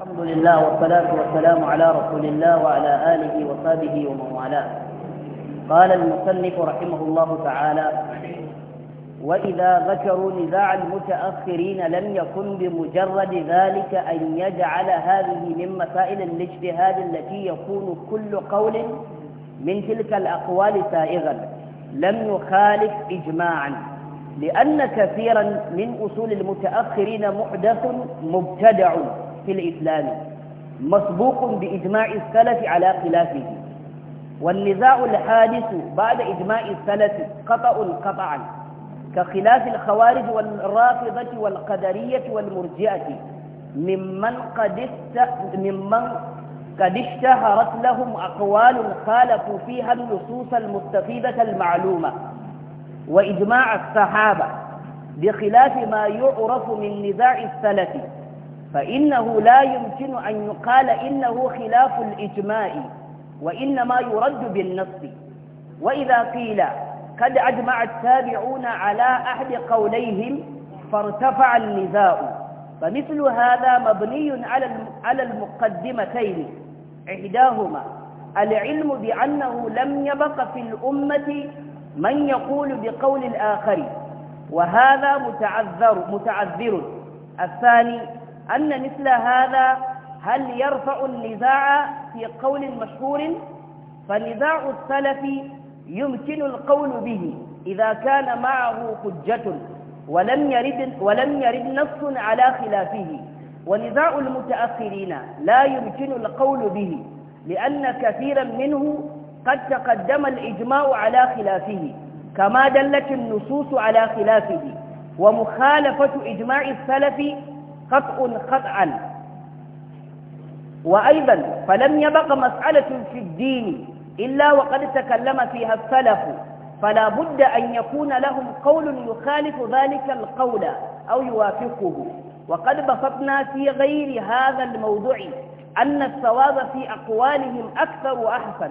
الحمد لله والصلاة والسلام على رسول الله وعلى آله وصحبه ومن والاه قال المصنف رحمه الله تعالى وإذا ذكروا نزاع المتأخرين لم يكن بمجرد ذلك أن يجعل هذه من مسائل الاجتهاد التي يكون كل قول من تلك الأقوال سائغا لم يخالف إجماعا لأن كثيرا من أصول المتأخرين محدث مبتدع في الإسلام مسبوق بإجماع السلف على خلافه والنزاع الحادث بعد إجماع السلف قطع قطعا كخلاف الخوارج والرافضة والقدرية والمرجئة ممن قد ممن قد اشتهرت لهم أقوال خالفوا فيها النصوص المستفيدة المعلومة وإجماع الصحابة بخلاف ما يعرف من نزاع السلف فإنه لا يمكن أن يقال إنه خلاف الإجماع وإنما يرد بالنص وإذا قيل قد أجمع التابعون على أحد قوليهم فارتفع النزاع فمثل هذا مبني على المقدمتين إحداهما العلم بأنه لم يبق في الأمة من يقول بقول الآخر وهذا متعذر, متعذر الثاني أن مثل هذا هل يرفع النزاع في قول مشهور فنزاع السلف يمكن القول به إذا كان معه حجة ولم يرد, ولم يرد نص على خلافه ونزاع المتأخرين لا يمكن القول به لأن كثيرا منه قد تقدم الإجماع على خلافه كما دلت النصوص على خلافه ومخالفة إجماع السلف قطع قطعا وأيضا فلم يبق مسألة في الدين إلا وقد تكلم فيها السلف فلا بد أن يكون لهم قول يخالف ذلك القول أو يوافقه وقد بسطنا في غير هذا الموضوع أن الصواب في أقوالهم أكثر وأحسن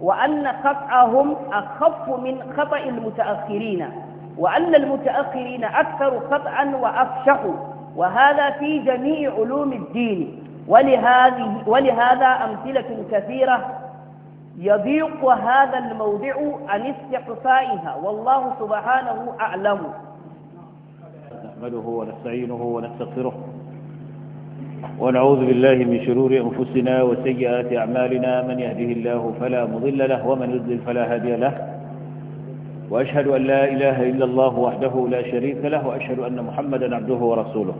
وأن قطعهم أخف من خطأ المتأخرين وأن المتأخرين أكثر خطأ وأفشح وهذا في جميع علوم الدين ولهذه ولهذا أمثلة كثيرة يضيق هذا الموضع عن استقصائها والله سبحانه أعلم نحمده ونستعينه ونستغفره ونعوذ بالله من شرور أنفسنا وسيئات أعمالنا من يهده الله فلا مضل له ومن يضلل فلا هادي له وأشهد أن لا إله إلا الله وحده لا شريك له وأشهد أن محمدا عبده ورسوله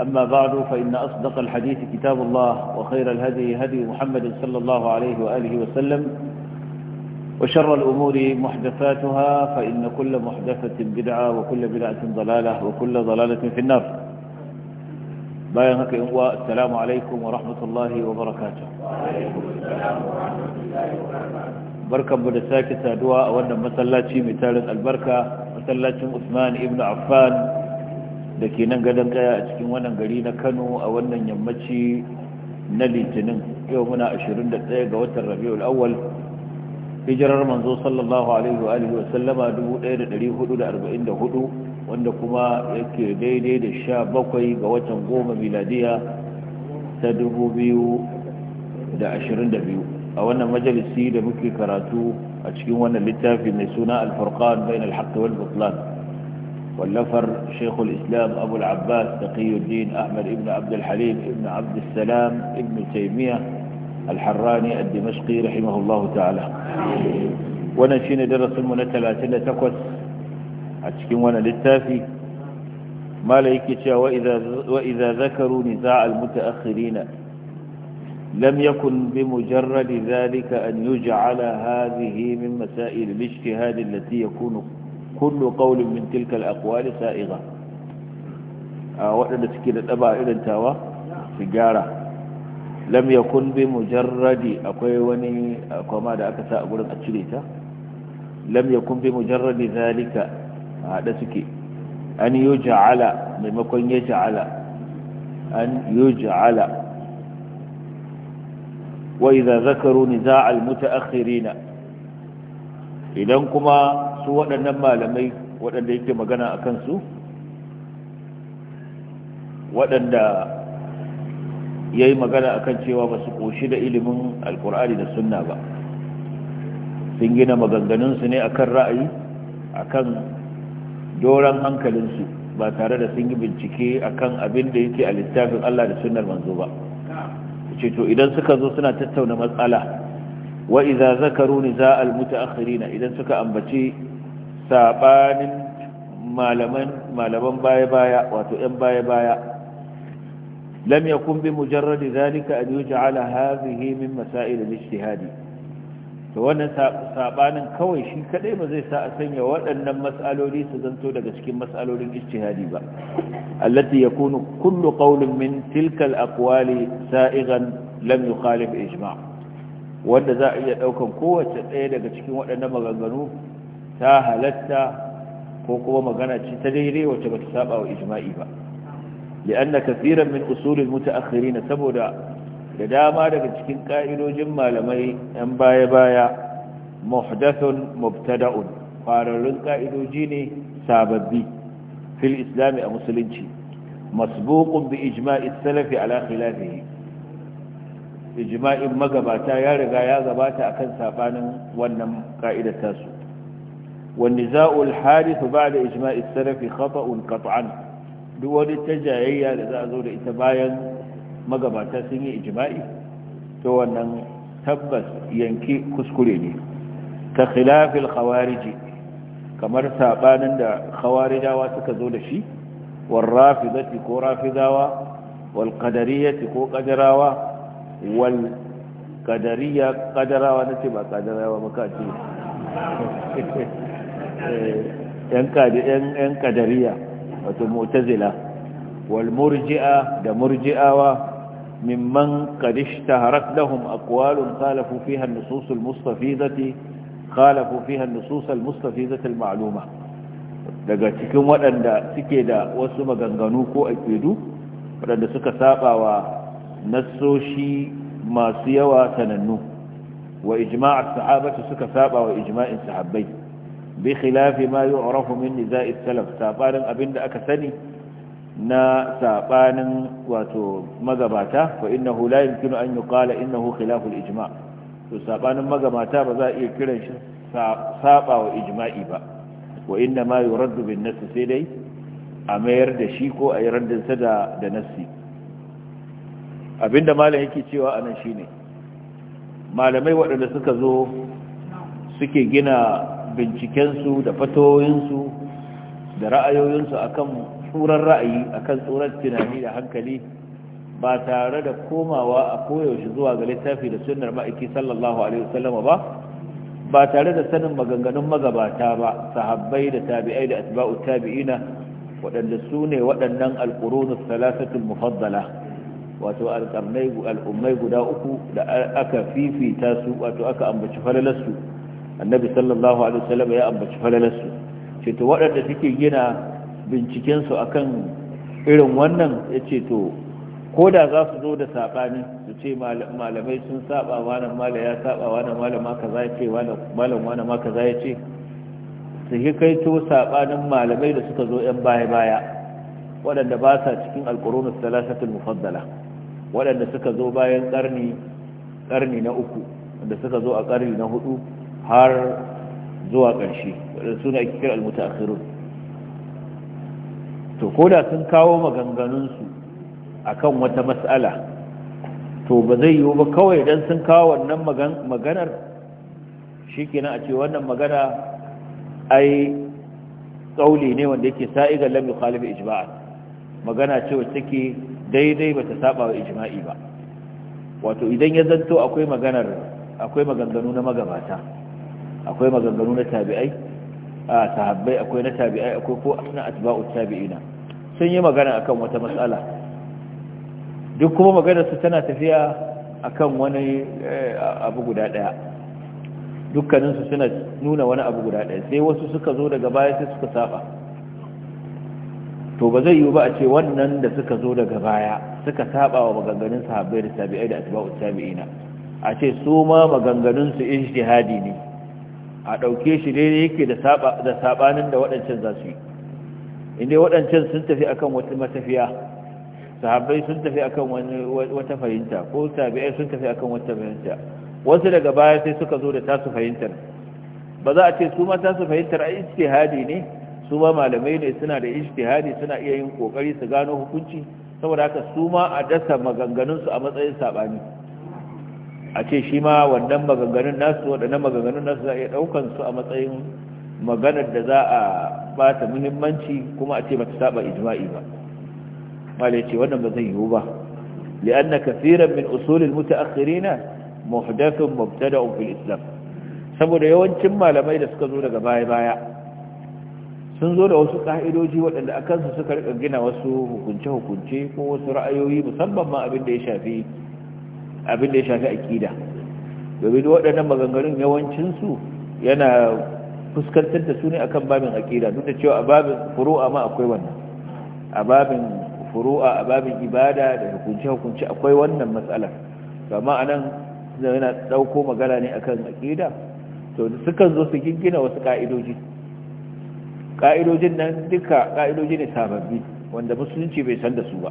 أما بعد فإن أصدق الحديث كتاب الله وخير الهدي هدي محمد صلى الله عليه وآله وسلم وشر الأمور محدثاتها فإن كل محدثة بدعة وكل بدعة ضلالة وكل ضلالة في النار بايهك إنواء السلام عليكم ورحمة الله وبركاته وعليكم السلام ورحمة الله وبركاته بركة مدساك دواء وأن مسلاتي مثال البركة مسلاتي عثمان ابن عفان da ke nan gadon kaya a cikin wannan gari na kano a wannan yammaci na litinin yau muna 21 ga watan rabi'ul awwal hijirar manzo sallallahu alaihi wa alihi wa sallama 1444 wanda kuma yake daidai da 17 ga watan goma miladiya ta 2022 a wannan majalisi da muke karatu a cikin wannan littafi mai suna al-furqan bainal haqqi wal butlan واللفر شيخ الإسلام أبو العباس تقي الدين أحمد ابن عبد الحليم ابن عبد السلام ابن تيمية الحراني الدمشقي رحمه الله تعالى ونشين درس من ثلاثين تقوس أتكين وانا للتافي ما ليكتشا وإذا, وإذا ذكروا نزاع المتأخرين لم يكن بمجرد ذلك أن يجعل هذه من مسائل الاجتهاد التي يكون كل قول من تلك الأقوال سائغة آه، وعندما تكيد الأباء إلى التاوى سجارة لم يكن بمجرد أقويوني أقوماد أكثاء أقول أتشريتا لم يكن بمجرد ذلك هذا سكي أن يجعل مما كن يجعل أن يجعل وإذا ذكروا نزاع المتأخرين إذا كما su waɗannan malamai waɗanda yake magana a kansu waɗanda ya yi magana a kan cewa ba su ƙoshi da ilimin alkur'ani da sunna ba sun gina maganganunsu ne a kan ra'ayi a kan doron hankalinsu ba tare da sun yi bincike a kan abin da yake a littafin allah da sunar manzo ba ce to idan suka zo suna tattauna matsala wa iza zakaru ni za al na, idan suka ambaci sabanin malaman malaman baya-baya wato 'yan baya-baya lam ya bi mujarradi zalika an yuj'ala hadhihi min masail al-ijtihad to wannan sabanin kawai shi kadai ba zai sa a sanya waɗannan mas'aloli su zanto daga cikin mas'alolin ijtihadi ba allati yakunu kullu qawlin min tilka al-aqwali sa'igan lam yukhalif ijma' wanda za a iya daukan kowace ɗaya daga cikin waɗannan maganganu ta halatta ko kuma magana ce ta daidai wacce ba ta saba wa ijma'i ba li'anna kaseeran min usulil mutaakhirin saboda da dama daga cikin ka'idojin malamai yan baya-baya muhdathun mubtada'un fararrun ka'idoji ne sababbi fil islami a musulunci masbuqun bi ijma'i salafi ala khilafihi ijma'in magabata ya riga ya gabata akan sabanin wannan ka'idar tasu والنزاع الحادث بعد إجماع السلف خطأ قطعا دول تجاهية لذا أزول إتبايا مقباتا سني إجمائي توانا تبس ينكي كسكوليني كخلاف الخوارج كمر سابانا دا خوارجا واتكزول شي والرافضة كو رافضاوا والقدرية كو قدراوا والقدرية قدراوا نتبع قدراوا مكاتب yan kadariya wato mu'tazila wal murji'a da murji'awa mimman qad ishtaharat lahum aqwalun khalafu fiha an-nusus al-mustafizati khalafu fiha an-nusus al-mustafizati daga cikin waɗanda suke da wasu maganganu ko aƙidu waɗanda suka saba wa nassoshi masu yawa sanannu wa ijima'ar sahabatu suka saba wa ijma'in sahabbai bi khilafi ma yu'rafu min niza'i salaf sabanin abinda aka sani na sabanin wato magabata fa innahu la yumkinu an yuqala innahu khilafu al-ijma' to sabanin magabata ba za a iya kiran shi saba wa ijma'i ba wa inna ma yuraddu bin nass sai dai a mayar da shi ko a yi raddinsa da da nassi abinda malam yake cewa anan shine malamai waɗanda suka zo suke gina bincikensu da fatoyinsu da ra'ayoyinsu akan tsurar ra'ayi akan tsurar tunani da hankali ba tare da komawa a koyaushe zuwa ga littafi da sunnar ma'aiki sallallahu alaihi wasallama ba ba tare da sanin maganganun magabata ba sahabbai da tabi'ai da atba'u tabi'ina waɗanda su ne waɗannan alƙurunus salasatul mufaddala wato alƙarnai al'ummai guda uku da aka fifita su wato aka ambaci falalarsu annabi sallallahu alaihi wasallam ya ambaci falalarsu ce to waɗanda suke gina bincikensu akan irin wannan ya ce to ko da za su zo da saɓani su ce malamai sun saɓa wani mala ya saɓa wani malama kaza ya ce malam wani ma kaza ya ce su yi kai to saɓanin malamai da suka zo 'yan baya-baya waɗanda ba sa cikin alƙurunin salasatul mufaddala waɗanda suka zo bayan ƙarni na uku wanda suka zo a ƙarni na hudu har zuwa ƙarshe waɗanda suna ake kira almutaakhirun to koda sun kawo maganganunsu akan wata mas'ala to ba zai yiwu ba kawai idan sun kawo wannan maganar shikenan a ce wannan magana ai tsauli ne wanda yake sa'igan lamu yukhalif ijma'a magana ce wacce take daidai bata saba wa ijma'i ba wato idan ya zanto akwai maganar akwai maganganu na magabata akwai maganganu na tabi'ai a sahabbai akwai na tabi'ai akwai ko na atba'u tabi'ina sun yi magana akan wata matsala duk kuma magana su tana tafiya akan wani eh, abu guda daya dukkanin su suna nuna wani abu guda daya sai wasu suka zo daga baya sai suka saba to ba zai yiwu ba a ce wannan da suka zo daga baya suka saba wa maganganun sahabbai da tabi'ai da atba'u tabi'ina a ce su ma maganganun su ijtihadi ne a ɗauke shi daidai yake da saɓanin da waɗancan za su yi inda waɗancan sun tafi akan wata matafiya sahabbai sun tafi akan wata fahimta ko tabi'ai sun tafi akan wata fahimta wasu daga baya sai suka zo da tasu fahimtar ba za a ce su ma tasu fahimtar a ijtihadi ne su ma malamai ne suna da ijtihadi suna iya yin kokari su gano hukunci saboda haka su ma a dasa maganganun su a matsayin saɓani a ce shi ma wannan maganganun nasu waɗannan maganganun nasu za a iya ɗaukan su a matsayin maganar da za a bata muhimmanci kuma a ce ba ta saba ijma'i ba malai ce wannan ba zai yiwu ba li'anna kafiran min usulil mutaakhirina muhdathun mubtada'un fil islam saboda yawancin malamai da suka zo daga baya baya sun zo da wasu ka'idoji waɗanda a kansu suka rika gina wasu hukunce-hukunce ko wasu ra'ayoyi musamman ma abin da ya shafi abin da ya shafi aƙida domin waɗannan maganganun yawancinsu yana fuskantar da su ne akan babin aƙida duk da cewa a babin furu'a ma akwai wannan a babin furu'a a babin ibada da hukunci-hukunci, akwai wannan matsalar amma a nan yana ɗauko magana ne akan aƙida to sukan zo su gingina wasu ƙa'idoji ƙa'idojin nan duka ƙa'idoji ne sababbi wanda musulunci bai san da su ba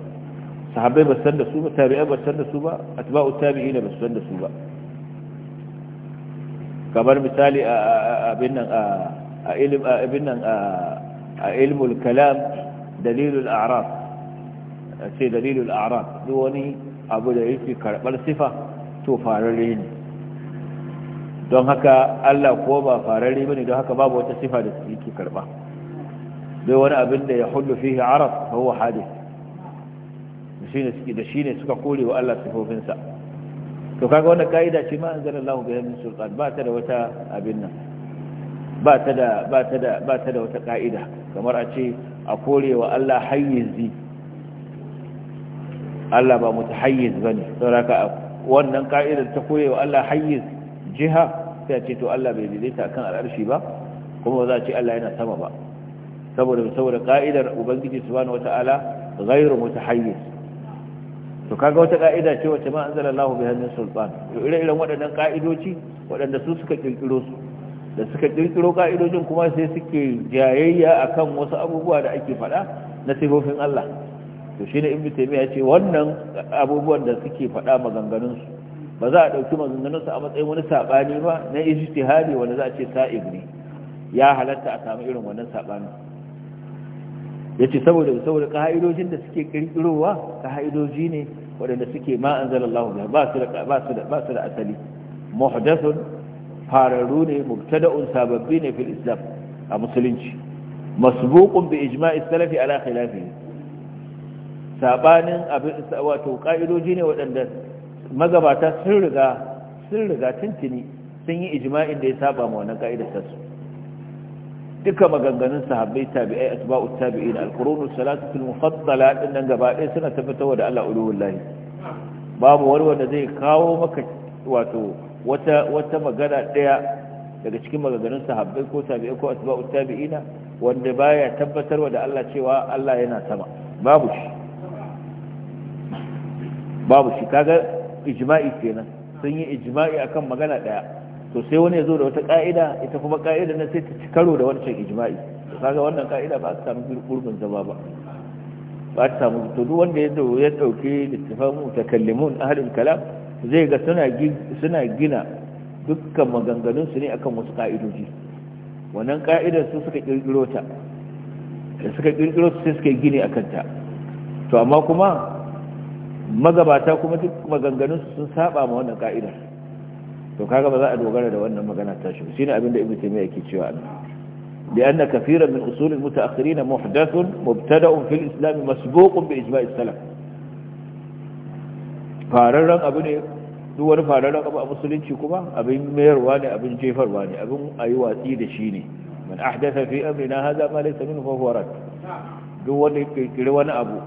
sahabbai ba san da su ba tabi'ai ba san da su ba atba'u tabi'ina ba san da su ba kamar misali a abin nan a ilm abin nan a ilmul kalam dalilul a'rab ce dalilul a'rab duk wani abu da yake karbar sifa to farare ne don haka Allah ko ba farare bane don haka babu wata sifa da yake karba duk wani abin da ya hullu fihi arab fa huwa hadith shine suke da ne suka kore wa Allah sifofinsa to kaga wannan kaida ce ma anzalallahu biha min sultan ba ta da wata abin nan ba ta da ba ta da ba ta da wata kaida kamar a ce a kore wa Allah hayyizi Allah ba mutahayyiz bane saboda wannan kaidar ta kore wa Allah hayyiz jiha sai a ce to Allah bai daidaita kan al'arshi ba kuma ba za a ce Allah yana sama ba saboda saboda ka'idar ubangiji subhanahu wataala ghairu mutahayyiz to kaga wata ka'ida ce wacce ma Allah bi hannun sulban to ire-iren waɗannan ka'idoci waɗanda su suka kirkiro su da suka kirkiro ka'idojin kuma sai suke jayayya akan wasu abubuwa da ake faɗa na sifofin Allah to shine ibnu taymiya ce wannan abubuwan da suke faɗa maganganun su ba za a ɗauki maganganun su a matsayin wani sabani ba na ijtihadi wanda za a ce sa'ib ne ya halatta a samu irin wannan sabani ya ce saboda saboda ka'idojin da suke ƙirƙirowa ka'idoji ne waɗanda suke ma an Allah ba su da asali muhdathun fararru ne mubtada'un sababbi ne fil islam a musulunci masbuqun bi ijma'i salafi ala khilafihi sabanin abin wato ka'idoji ne waɗanda magabata sun riga sun riga tuntuni sun yi ijma'in da ya saba ma wannan ka'idar su duka maganganun sahabbai tabi'ai asba'u tabi'in al-qurunus salatu al-mufaddala din nan gaba ɗaya suna tabbatar da Allah ulullahi babu wani wanda zai kawo maka wato wata wata magana ɗaya daga cikin maganganun sahabbai ko tabi'ai ko asba'u tabi'ina wanda baya tabbatar da Allah cewa Allah yana sama babu shi babu shi kaga ijma'i kenan sun yi ijma'i akan magana ɗaya to sai wani ya zo da wata ka'ida ita kuma ka'ida na sai ta ci karo da wancan ijma'i kaga wannan ka'ida ba su samu gurbin zama ba ba su samu to duk wanda ya ya dauki littafan mutakallimun ahlul kalam zai ga suna suna gina dukkan maganganun su ne akan wasu ka'idoji wannan ka'idar su suka kirkiro ta da suka kirkiro su sai suka gini akan ta to amma kuma magabata kuma duk maganganun su sun saba ma wannan ka'idar to kaga ba za a dogara da wannan magana ta shi shine abin da ibnu taymiya yake cewa an bi anna kaseeran min usul al mutaakhirin muhdathun mubtada'un fil islam masbuqun bi ijma' salaf fararran abu ne duk wani fararran abu a musulunci kuma abin mayarwa ne abin jefarwa ne abin ayi watsi da shi ne man ahdatha fi amrina hadha ma laysa minhu fa huwa rad duk wani ya wani abu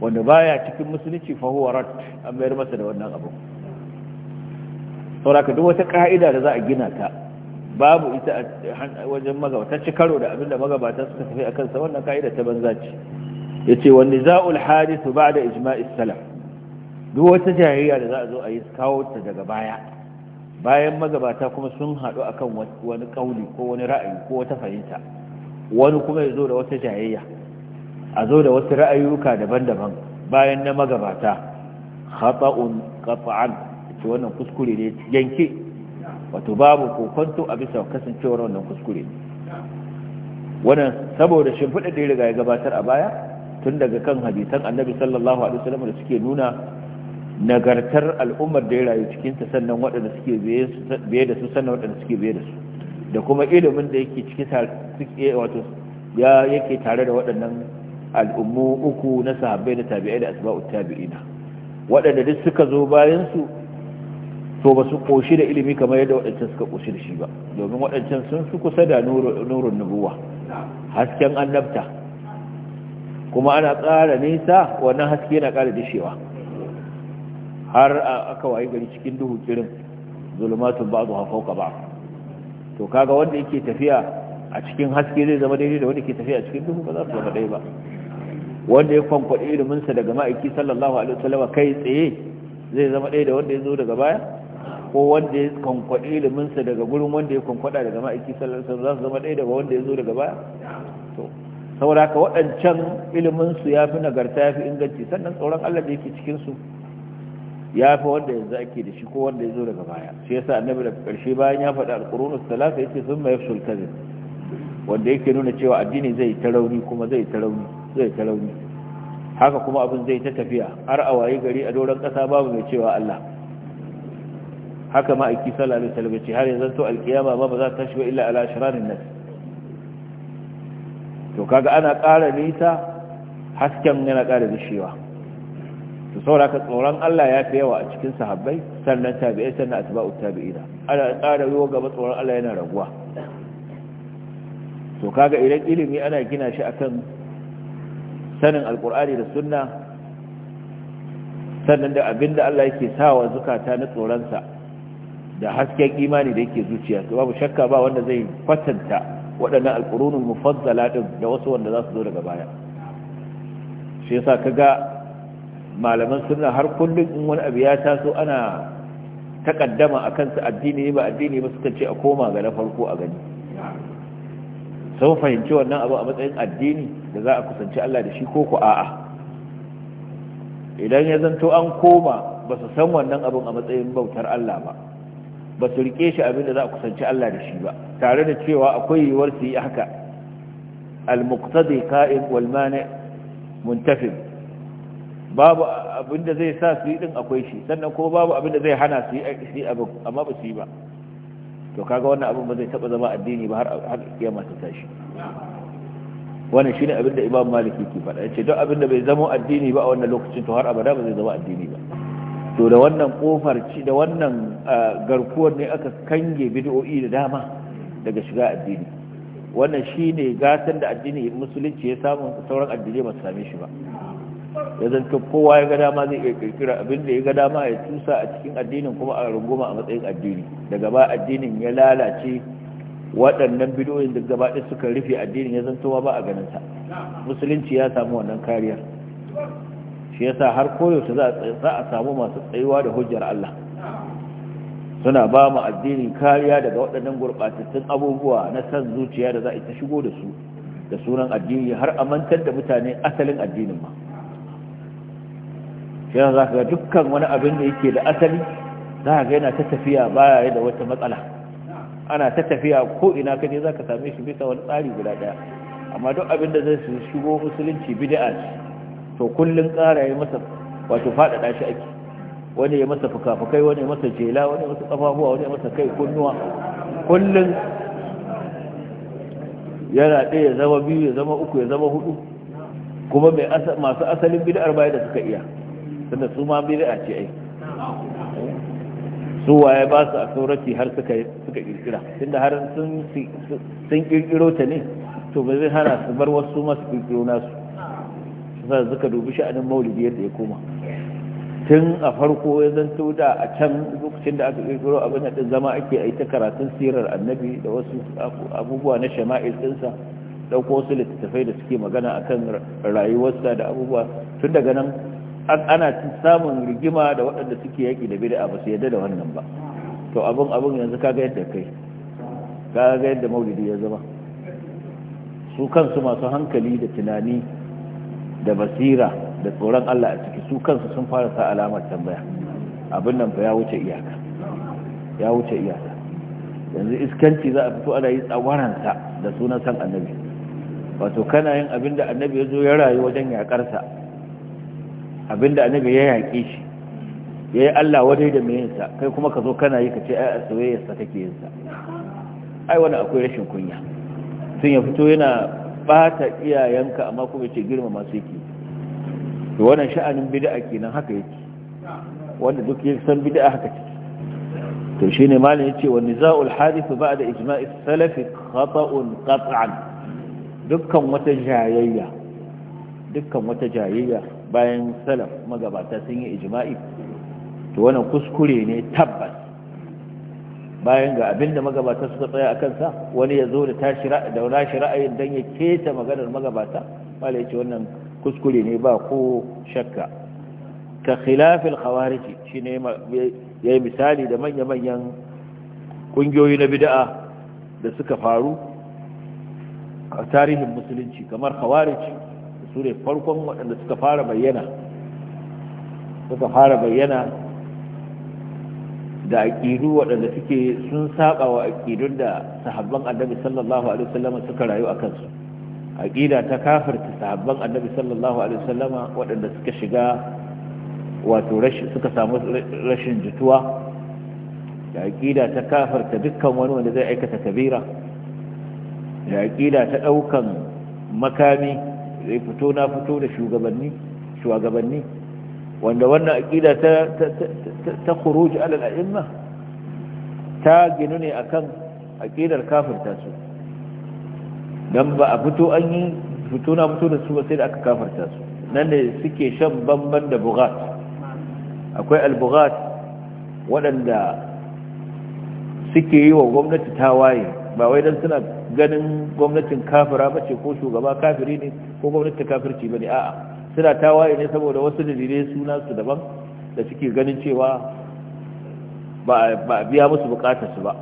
wanda baya cikin musulunci fa huwa rad an mayar masa da wannan abu sauraka duk wata ka'ida da za a gina ta babu ita a wajen ta ci karo da abinda magabata suka tafi a kansa wannan ka'ida ta banza ce ya ce wani za'ul hadisu ba da ijma'is salaf duk wata jayayya da za a zo a yi kawo ta daga baya bayan magabata kuma sun haɗu akan wani ƙauli ko wani ra'ayi ko wata fahimta wani kuma ya zo da wata jayayya a zo da wasu ra'ayuka daban-daban bayan na magabata khata'un qat'an ce wannan kuskure ne yanke wato babu kokonto a bisa kasancewar wannan kuskure ne wannan saboda shimfiɗa da ya riga ya gabatar a baya tun daga kan hadisan annabi sallallahu alaihi wasallam da suke nuna nagartar al'ummar da ya rayu cikin ta sannan waɗanda suke biye da su sannan waɗanda suke biye da su da kuma ilimin da yake ciki wato ya yake tare da waɗannan al'ummu uku na sahabbai da tabi'ai da asba'u tabi'ina waɗanda duk suka zo bayan su to ba su koshi da ilimi kamar yadda waɗancan suka koshi da shi ba domin waɗancan sun su kusa da nurun nubuwa hasken annabta kuma ana ƙara nisa wannan haske yana ƙara dishewa har aka wayi gari cikin duhu kirin zulmatun ba zuwa fauka ba to kaga wanda yake tafiya a cikin haske zai zama daidai da wanda ke tafiya a cikin duhu ba za su zama ɗaya ba wanda ya kwankwaɗe iliminsa daga ma'aiki sallallahu alaihi sallam kai tsaye zai zama ɗaya da wanda ya zo daga baya ko wanda ya kwankwaɗe iliminsa daga gurin wanda ya kwankwaɗa daga ma'aiki sallallahu za su zama ɗaya daga wanda ya zo daga baya to saboda waɗancan iliminsu ya fi nagarta ya fi inganci sannan tsoron allah da yake cikinsu ya fi wanda yanzu ake da shi ko wanda ya zo daga baya shi yasa annabi daga ƙarshe bayan ya faɗi alƙurunus talata ya ce sun ma yafsul kazin wanda yake nuna cewa addini zai ta rauni kuma zai ta rauni zai ta rauni haka kuma abin zai ta tafiya har a waye gari a doron ƙasa babu mai cewa allah haka ma aiki sallallahu alaihi wasallam har yanzu to alkiyama ba ba za ta shi ba illa ala ashrarin nas to kaga ana ƙara nisa hasken yana ƙara dishewa to saboda tsoron Allah ya fi yawa a cikin sahabbai sannan tabi'ai sannan atba'u tabi'ina ana ƙara yiwo gaba tsoron Allah yana raguwa to kaga idan ilimi ana gina shi akan sanin alkur'ani da sunna sannan da abinda Allah yake sawa zukata na tsoron sa. da hasken imani da yake zuciya to babu shakka ba wanda zai fatanta waɗannan alƙurunul mufaddala din da wasu wanda za su zo daga baya shi yasa ga malaman suna har kullum in wani abu ya taso ana takaddama akan su addini ba addini ba suka ce a koma ga na farko a gani sun fahimci wannan abu a matsayin addini da za a kusanci Allah da shi ko ku a'a idan ya zanto an koma ba su san wannan abin a matsayin bautar Allah ba ba su rike shi abinda za a kusanci Allah da shi ba tare da cewa akwai yiwuwar su yi haka al-muqtadi qa'im wal mani muntafi babu abinda zai sa su yi din akwai shi sannan kuma babu abinda zai hana su yi abin amma ba su yi ba to kaga wannan abin ba zai taba zama addini ba har har kiyama ta tashi wannan shine abinda Imam Malik yake faɗa yace duk abinda bai zama addini ba a wannan lokacin to har abada ba zai zama addini ba to da wannan kofar ci da wannan garkuwar ne aka kange bid'o'i da dama daga shiga addini wannan shine gasar da addini musulunci ya samu sauran addinai ba su same shi ba ya zanta kowa ya ga dama zai kirkira abin da ya ga dama ya tusa a cikin addinin kuma a runguma a matsayin addini daga ba addinin ya lalace waɗannan bidiyoyin da gaba ɗaya suka rufe addinin ya zanta ba a ganin sa musulunci ya samu wannan kariyar shi yasa har koyaushe za a samu masu tsayuwa da hujjar Allah suna ba mu addini kariya daga waɗannan gurɓatattun abubuwa na san zuciya da za a ta shigo da su da sunan addini har a mantar da mutane asalin addinin ma shi yasa ga dukkan wani abin da yake da asali za ka ga yana ta tafiya baya da wata matsala ana ta tafiya ko ina ka je za ka same shi bisa wani tsari guda ɗaya amma duk abin da zai shigo musulunci bid'a ce to kullun ƙara ya masa wato faɗaɗa shi ake wani ya masa fukafukai wani ya masa jela wani ya masa ƙafafuwa wani ya masa kai kunnuwa kullun yana ɗaya ya zama biyu ya zama uku ya zama hudu kuma masu asalin bid'ar baya da suka iya tunda su ma bid'a ce ai su waye ba su a saurati har suka suka kirkira tunda har sun sun kirkiro ta ne to ba zai hana su bar wasu masu kirkiro nasu su suka dubi sha'anin maulidi yadda ya koma tun a farko ya zanto da a can lokacin da aka kirkiro abin da zama ake aita karatun sirar annabi da wasu abubuwa na shama'il ɗinsa ɗauko wasu littattafai da suke magana a kan rayuwarsa da abubuwa tun daga nan ana samun rigima da waɗanda suke yaƙi da bida ba su yadda da wannan ba to abin abin yanzu kaga yadda kai kaga yadda maulidi ya zama su kansu masu hankali da tunani da basira da tsoron Allah a ciki su kansu sun fara sa alamar tambaya abin nan fa ya wuce iyaka ya wuce iyaka yanzu iskanci za a fito ana yi tsawaransa da sunan san annabi wato kana yin abin da annabi ya zo ya rayu wajen yaƙarsa abin da annabi ya yaƙe shi ya yi Allah wadai da yinsa, kai kuma ka zo kana yi ka ce ai a soyayyarsa kake yinsa ai wani akwai rashin kunya Sun ya fito yana bata iyayenka amma kuma ce girma masu yake to wannan sha'anin bida'a kenan haka yake wanda duk ya san bid'a haka ce to shine malam yace wa niza'ul hadith ba'da ijma'is Salafi khata'un qat'an dukkan wata jayayya dukkan wata jayayya bayan salaf magabata sun yi ijma'i to wannan kuskure ne tabbas bayan ga abin da magabata suka tsaya a kansa wani ya zo da tashi da nashi ra'ayin dan ya keta maganar magabata wala ce wannan kuskure ne ba ko shakka ka khilafil khawarij shine yayi misali da manya-manyan kungiyoyi na bid'a da suka faru a tarihin musulunci kamar khawarij su farkon waɗanda suka fara bayyana suka fara bayyana da aƙidu waɗanda suke sun saba wa aƙidun da sahabban annabi sallallahu alaihi wasallam suka rayu a kansu aƙida ta kafirta sahabban annabi sallallahu alaihi wasallam waɗanda suka shiga wato suka samu rashin jituwa da aƙida ta kafirta dukkan wani wanda zai aikata kabira da aƙida ta ɗaukan makami zai fito na fito da shugabanni shugabanni wanda wannan aƙida ta kuruji alal ta ginu ne kan aƙidar kafirta su don ba a fito an yi fito na fito da su ba sai da aka kafirta su nan da suke shan bamban da bugat akwai albugat waɗanda suke yi wa gwamnati tawaye ba wai don suna ganin gwamnatin kafira ba ce ko shugaba kafiri ne ko gwamnati kafirci ba ne a'a suna tawaye ne saboda wasu dalilai suna su daban da suke ganin cewa ba a biya musu bukatar su ba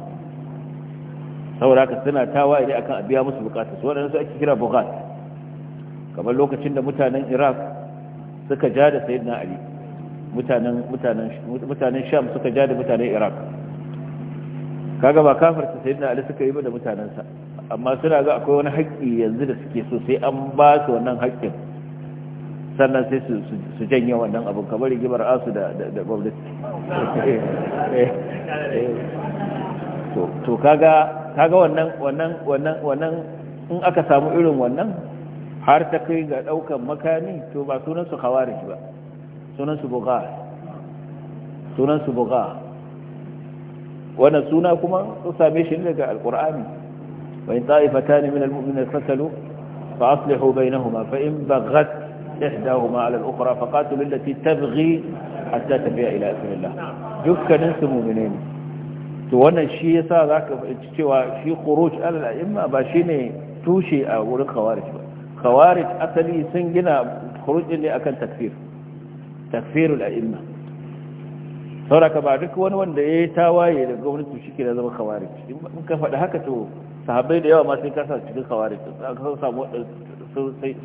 sauraka suna tawaye ne akan a biya musu bukatar su waɗansu ake kira bukat kamar lokacin da mutanen iraq suka ja da sayyidina ali mutanen sham suka ja da mutanen iraq kaga ba kafarta sayyidina ali suka yi ba da mutanensa amma suna ga akwai wani haƙƙi yanzu da suke so sai an ba su wannan haƙƙin sannan sai su janye wannan abin kamar rigimar asu da gwamnati eh, eh, to kaga wannan wannan wannan wannan in aka samu irin wannan har ta kai ga daukan makami to ba sunansu khawarij ba sunansu buga sunansu buga wannan suna kuma su same shi daga alqur'ani wa in ta'ifatan min almu'minin fasalu fa aslihu bainahuma fa in baghat إحداهما على الأخرى فقاتل التي تبغي حتى تبيع إلى أسم الله جكا ننسى مؤمنين توانا شي يسا ذاك شي خروج على الأئمة باشيني توشي أقول الخوارج خوارج أتلي سنجنا خروج اللي أكل تكفير تكفير الأئمة صورك بعدك وانا وانا ايه تاواي لقوم tawaye da لازم الخوارج ke da zama kawarij in ka faɗi haka to sahabbai da yawa ma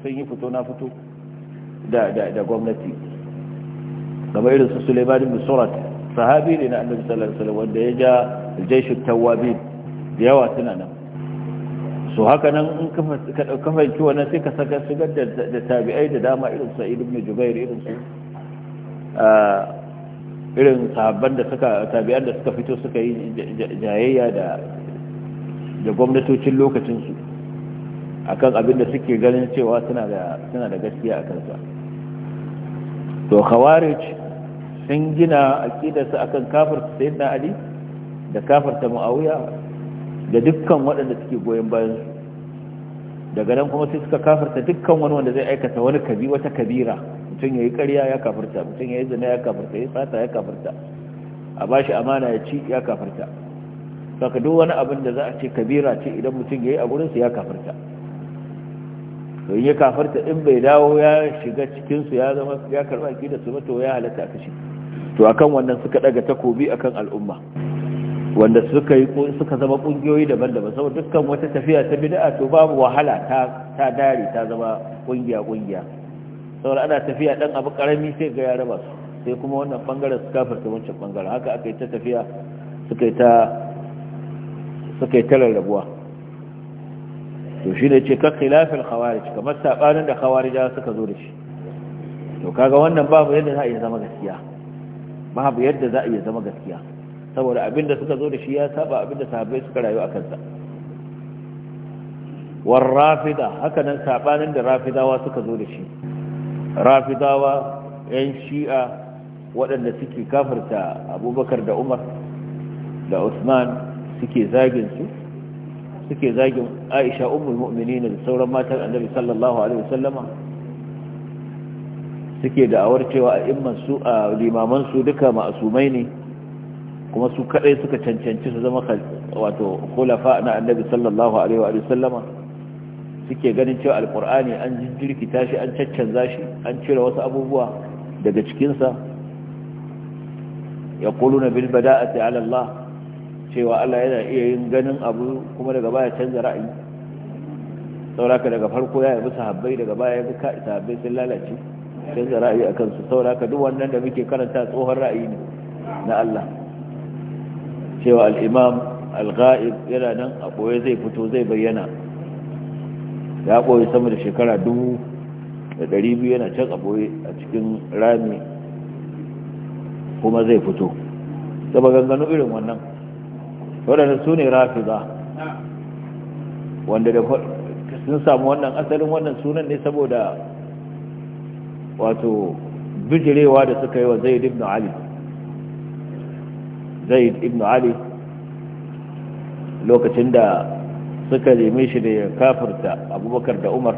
sai da gwamnati Gama irin su Suleiman bin Surat sahabi ne na Annabi sallallahu alaihi wasallam wanda ya ja jaishu tawabin da yawa suna nan so haka nan in ka fanki wannan sai ka saka shigar da tabi'ai da dama irin su ibn Jubair irin su irin sahabban da suka tabi'an da suka fito suka yi jayayya da da gwamnatocin lokacinsu akan abin da suke ganin cewa suna da suna da gaskiya a kansa to khawarij sun gina aqidarsu akan kafirta sayyidina ali da ta muawiya da dukkan waɗanda suke goyon bayan su daga nan kuma sai suka kafirta dukkan wani wanda zai aikata wani kabi wata kabira mutum yayi ƙarya ya kafirta mutum yayi zina ya kafirta ya sata ya kafirta a bashi amana ya ci ya kafirta saka duk wani abin da za a ce kabira ce idan mutum yayi a gurin sa ya kafirta to in ya kafarta in bai dawo ya shiga cikinsu ya zama ya karba ki da su mato ya halatta a kashi to akan wannan suka daga takobi akan al'umma wanda suka yi suka zama kungiyoyi daban-daban saboda dukkan wata tafiya ta bid'a to babu wahala ta ta dare ta zama kungiya kungiya saboda ana tafiya dan abu karami sai ga ya raba sai kuma wannan bangaren su kafarta wancan bangaren haka aka yi ta tafiya suka ta suka yi ta rarrabuwa to shi ne ce ka khilafin khawarij kamar sabanin da khawarija suka zo da shi to kaga wannan babu yadda za a iya zama gaskiya babu yadda za a iya zama gaskiya saboda abinda suka zo da shi ya saba abinda sahabbai suka rayu a kansa war rafida haka nan sabanin da rafidawa suka zo da shi rafidawa yan shi'a waɗanda suke kafirta abubakar da umar da usman suke zagin su suke zagin aisha ummul mu'minin da sauran matan annabi sallallahu alaihi wasallama suke da'awar cewa a imman su a limaman su duka ma'asumai ne kuma su kadai suka cancanci su zama wato khulafa na annabi sallallahu alaihi wa sallama suke ganin cewa alqur'ani an jinjirkita shi an caccanza shi an cire wasu abubuwa daga cikin sa yaquluna bil bada'ati ala Allah cewa Allah yana iya yin ganin abu kuma daga baya canza ra'ayi sauraka daga farko ya yabi sahabbai daga baya ya ga sahabbai sun lalace canza ra'ayi a kansu sauraka duk wannan da muke karanta tsohon ra'ayi ne na Allah cewa al-imam al-ghaib yana nan a boye zai fito zai bayyana ya boye sama da shekara dubu da ɗari biyu yana can a boye a cikin rami kuma zai fito saboda maganganu irin wannan waɗanda su ne ba wanda da sun samu wannan asalin wannan sunan ne saboda wato bijirewa da suka yi wa zaid ibn ali zaid ibn ali lokacin da suka neme shi da ya kafirta abubakar da umar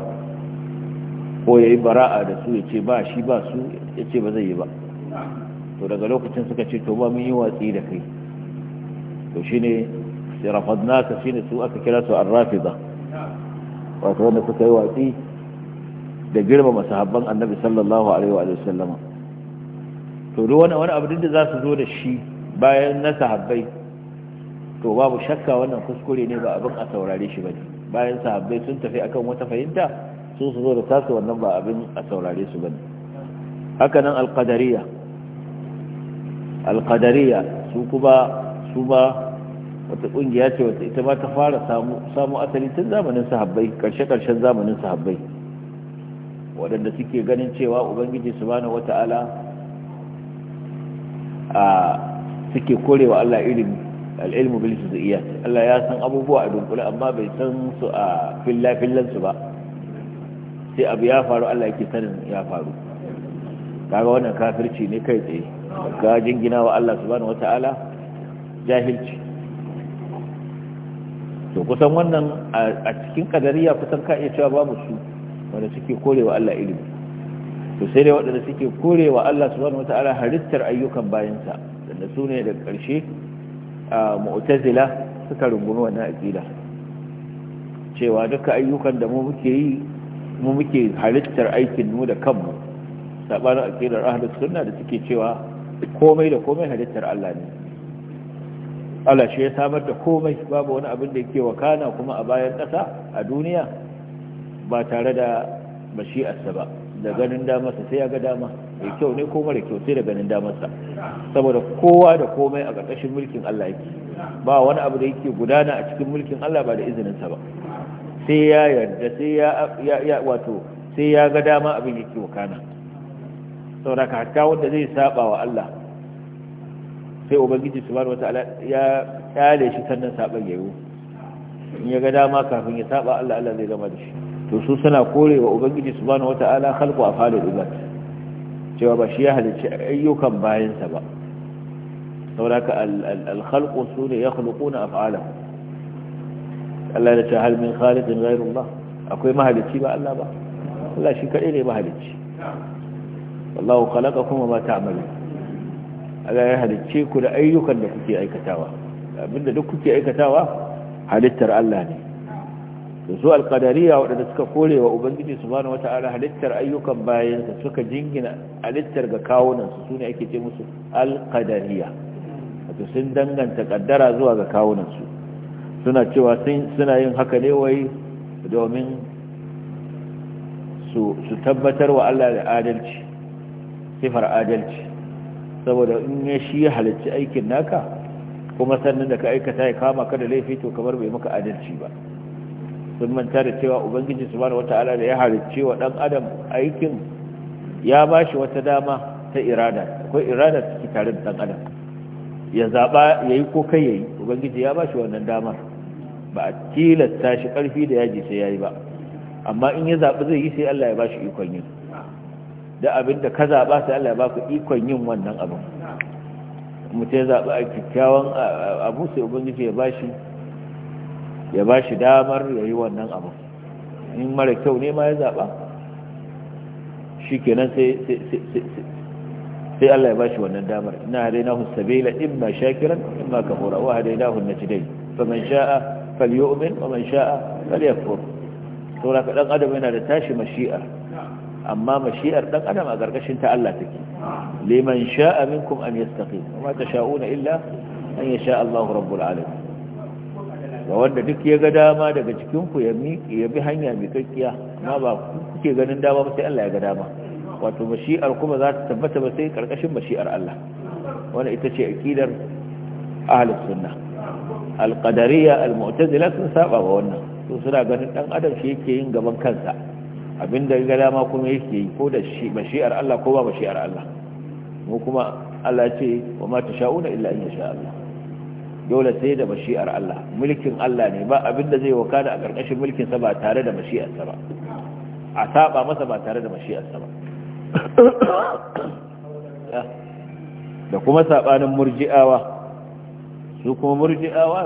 ko ya yi bara'a da su ya ce ba shi ba su ya ce ba zai yi ba to daga lokacin suka ce to ba mun yi watsi da kai to shi ne shine naka shi ne su aka kira su ar-rafida wato wanda suka yi watsi da girmama sahabban annabi sallallahu alaihi wa sallama to duk wani wani abin da za su zo da shi bayan na sahabbai to babu shakka wannan kuskure ne ba abin a saurare shi bane bayan sahabbai sun tafi akan wata fahimta sun su zo da tasu wannan ba abin a saurare su bane haka nan alqadariya alqadariya su kuma su ma wata kungiya ce wata ita ba ta fara samu asali tun zamanin sahabbai karshe-karshen zamanin sahabbai waɗanda suke ganin cewa ubangiji su subhanahu wata'ala a suke korewa Allah ilimi al'ilmu bil juz'iyyat Allah ya san abubuwa a dunkule amma bai san su a fillafillan su ba sai abu ya faru Allah yake sanin ya faru kaga wannan kafirci ne kai tsaye ga jingina wa Allah subhanahu wata'ala jahilci to kusan wannan a cikin kadariya kusan ka iya cewa babu su wanda suke korewa Allah ilimi to sai dai waɗanda suke korewa Allah subhanahu wata'ala halittar ayyukan bayansa wanda su ne da ƙarshe a mu'tazila suka rungumi wannan aqida cewa duka ayyukan da mu muke yi mu muke halittar aikin mu da kanmu sabanin aqidar ahlus sunna da suke cewa komai da komai halittar Allah ne Allah shi ya samar da komai babu wani abin da yake wakana kuma a bayan ƙasa a duniya ba tare da mashi'arsa ba da ganin damarsa sai ya ga dama mai kyau ne ko mara kyau sai da ganin damarsa saboda kowa da komai a ƙarƙashin mulkin Allah yake ba wani abu da yake gudana a cikin mulkin Allah ba da izininsa ba sai ya yarda sai ya wato sai ya ga dama abin yake wakana saboda ka hatta wanda zai saba wa Allah sai ubangiji subhanahu wataala ya kyale shi sannan saban yayo in ya ga dama kafin ya saba Allah Allah zai gama da shi to su suna korewa ubangiji subhanahu wataala khalqu afalul ibad cewa ba shi ya halicci ayyukan bayansa ba sauraka al-khalqu sune yakhluquna af'alahum Allah ya ce hal min khaliqin ghayrullah akwai mahalicci ba Allah ba Allah shi kadai ne mahalicci wallahu khalaqakum wa ma ta'malun Allah ya halicce ku da ayyukan da kuke aikatawa abinda duk kuke aikatawa halittar Allah ne da su alƙadariya waɗanda suka kore ubangiji su bani wata'ala halittar ayyukan bayan bayansa suka jingina halittar ga kawunansu su ne ake ce musu alƙadariya wato sun danganta kaddara zuwa ga kawunansu suna cewa suna yin haka ne wai domin su tabbatar wa Allah da adalci sifar adalci saboda in ya shi halarci aikin naka kuma sannan da ka aikata ya kama ka da laifi to kamar bai maka adalci ba sun manta da cewa ubangiji su wata wata da ya halarci wa dan adam aikin ya ba shi wata dama ta irada akwai irada ciki tare da dan adam ya zaba yi ko kai ya yi. ubangiji ya ba shi wannan damar ba a tilasta shi ƙarfi da yaji sai ya yi ba amma in ya zaɓi zai yi sai Allah ya ba shi ikon yi. da abin da ka zaɓa sai Allah ya baka ikon yin wannan abin Mutu ya zaɓa a kyakkyawan abu sai ubangiji ya bashi ya bashi damar ya yi wannan abin in mara kyau ne ma ya zaɓa shi kenan sai sai Allah ya bashi wannan damar ina hadainahu sabila imma shakiran imma kafura wa hadainahu dai. faman sha'a falyu'min wa man sha'a falyakfur saboda kadan adam yana da tashi mashi'a amma mashi'ar dan adam a ƙarƙashin ta Allah take liman sha'a minkum an yastaqim kuma ta sha'una illa an yasha Allah rabbul alamin ga wanda duk ya ga dama daga cikin ya bi hanya mai kakkiya amma ba kuke ganin dama ba sai Allah ya ga dama wato mashi'ar kuma za ta tabbata ba sai ƙarƙashin mashi'ar Allah wani ita ce akidar ahlus sunna al-qadariyya al-mu'tazila sun saba wa wannan su suna ganin dan adam shi yake yin gaban kansa abin da ga dama kuma yake yi ko da mashi'ar Allah ko ba mashi'ar Allah mu kuma Allah ce wa ma tasha'una illa an yasha Allah dole sai da mashi'ar Allah mulkin Allah ne ba abin da zai wakana a karkashin mulkin sa ba tare da mashi'ar sa ba a saba masa ba tare da mashi'ar sa ba da kuma sabanin murji'awa su kuma murji'awa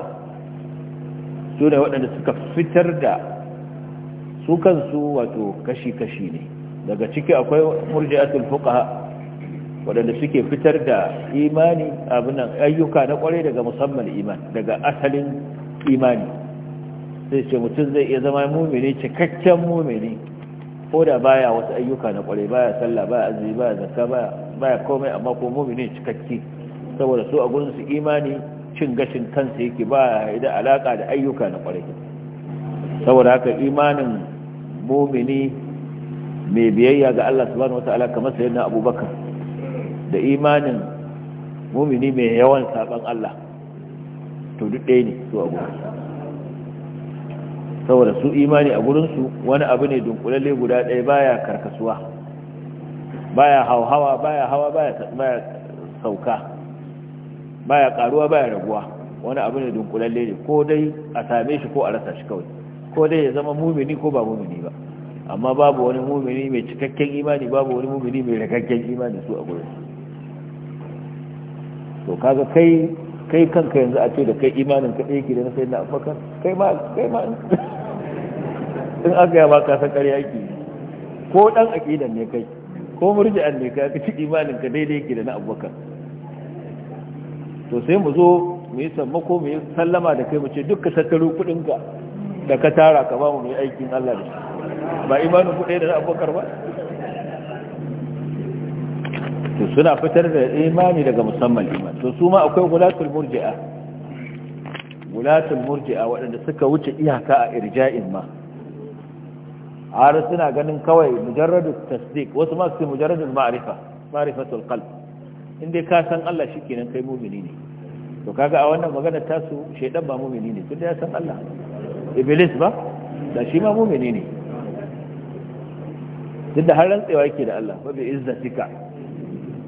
su ne waɗanda suka fitar da su kansu wato kashi-kashi ne daga ciki akwai murji'atul fuqaha waɗanda suke fitar da imani abin ayyuka na kwarai daga musamman iman daga asalin imani sai ce mutum zai iya zama mumini cikakken mumini ko da baya wasu ayyuka na kwarai baya sallah baya azumi baya zakka baya komai amma ko mumini cikakke saboda su a gurin su imani cin gashin kansa yake ba da alaka da ayyuka na kwarai saboda haka imanin mumini mai biyayya ga Allah subhanahu wataala kamar sayyidina abubakar da imanin mumini mai yawan saban Allah to duk ɗaya ne su a gurin saboda su imani a gurinsu wani abu ne dunkulalle guda ɗaya baya karkasuwa baya hauhawa baya hawa baya sauka baya karuwa baya raguwa wani abu ne dunkulalle ne ko dai a same shi ko a rasa shi kawai ko dai ya zama mumini ko ba mumini ba amma babu wani mumini mai cikakken imani babu wani mumini mai rikakken imani su a gurin to kaga kai kai kanka yanzu a ce da kai imanin ka ɗaya gida na sai na abubakar kai ma kai ma in aka yaba ka san ƙarya ke ko ɗan aƙidan ne kai ko murji'an ne kai ka ci imanin ka daidai gida na abubakar to sai mu zo mu yi sammako mu yi sallama da kai mu ce duk ka kuɗinka da ka tara ka ba mu mai aikin Allah ne ba imanin kuɗe da abubakar ba to suna fitar da imani daga musamman iman to su ma akwai gulatul murji'a gulatul murji'a waɗanda suka wuce iyaka a irja'in ma har suna ganin kawai mujarradut tasdiq wasu ma su mujarradul ma'rifa ma'rifatul qalb in dai ka san Allah shikenan kai mu'mini ne to kaga a wannan magana tasu shaidan ba mumini ne tunda ya san Allah iblis ba da shi ma mumini ne tunda har rantsewa yake da Allah Ba bi izzatika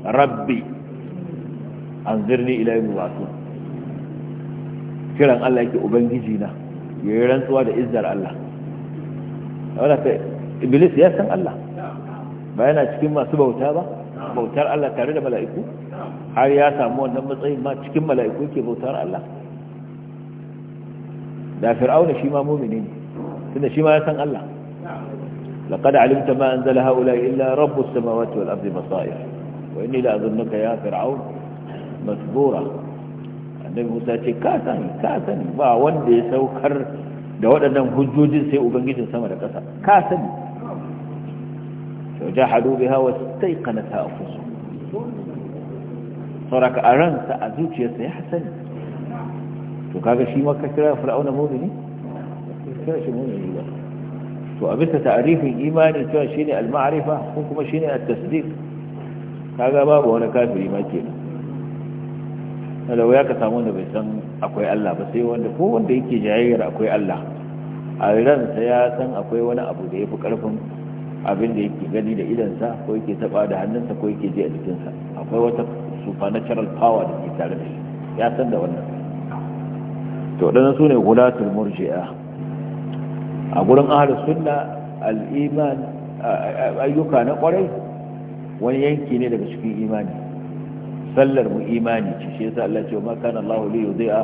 rabbi anzirni ila yawmi wasu. kiran Allah yake ubangiji na yayin rantsuwa da izzar Allah wanda iblis ya san Allah ba yana cikin masu bauta ba bautar Allah tare da mala'iku har ya samu wannan matsayin ma cikin mala'iku ke bautar Allah da fir'auna shi ma mumini tunda shi ma ya san Allah laqad alimta ma anzala haula illa rabbus samawati wal wal'abdi basair wa inni la azunnuka ya fir'aun masbura annabi Musa ce ka sani ka sani ba wanda ya saukar da waɗannan hujjojin sai ubangijin sama da ƙasa ka sani وجحدوا بها واستيقنتها أنفسهم sauraka a ransa a zuciyarsa ya hasani to kaga shi ma ka kira fir'auna mumini kira shi mumini ba to a bisa ta'arifin imani cewa shine al-ma'rifa ko kuma shine at-tasdiq kaga babu wani kafiri ma kenan kada waya ka samu wanda bai san akwai Allah ba sai wanda ko wanda yake jayayyar akwai Allah a ya san akwai wani abu da yafi karfin abin da yake gani da idansa ko yake taba da hannunsa ko yake ji a jikinsa akwai wata supernatural power da ke tare da shi ya san da wannan to dan su ne gulatul murji'a a gurin ahlus sunna al-iman ayyuka na kwarai wani yanki ne daga cikin imani sallar mu imani ce shi yasa Allah ya ce ma kana Allah li yudhi'a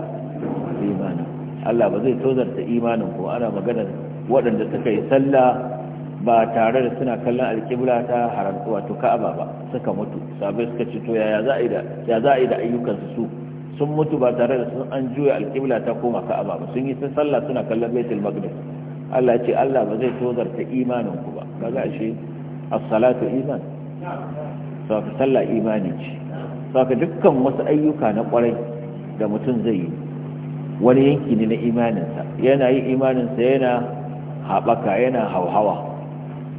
imana Allah ba zai tozarta imanin ko ana maganar waɗanda suka yi sallah ba tare da suna kallon alƙibla ta haramta wato ka'aba ba suka mutu sabai suka ce to ya za a yi da ayyukansu su sun mutu ba tare da sun an juya alƙibla ta koma ka'aba ba sun yi sun sallah suna kallon baitul maqdis Allah ce Allah ba zai tozarta imanin ku ba kaga ashe as-salatu iman saka sallah imani ce saka dukkan wasu ayyuka na kwarai da mutum zai yi wani yanki ne na imaninsa yana yi imaninsa yana haɓaka yana hauhawa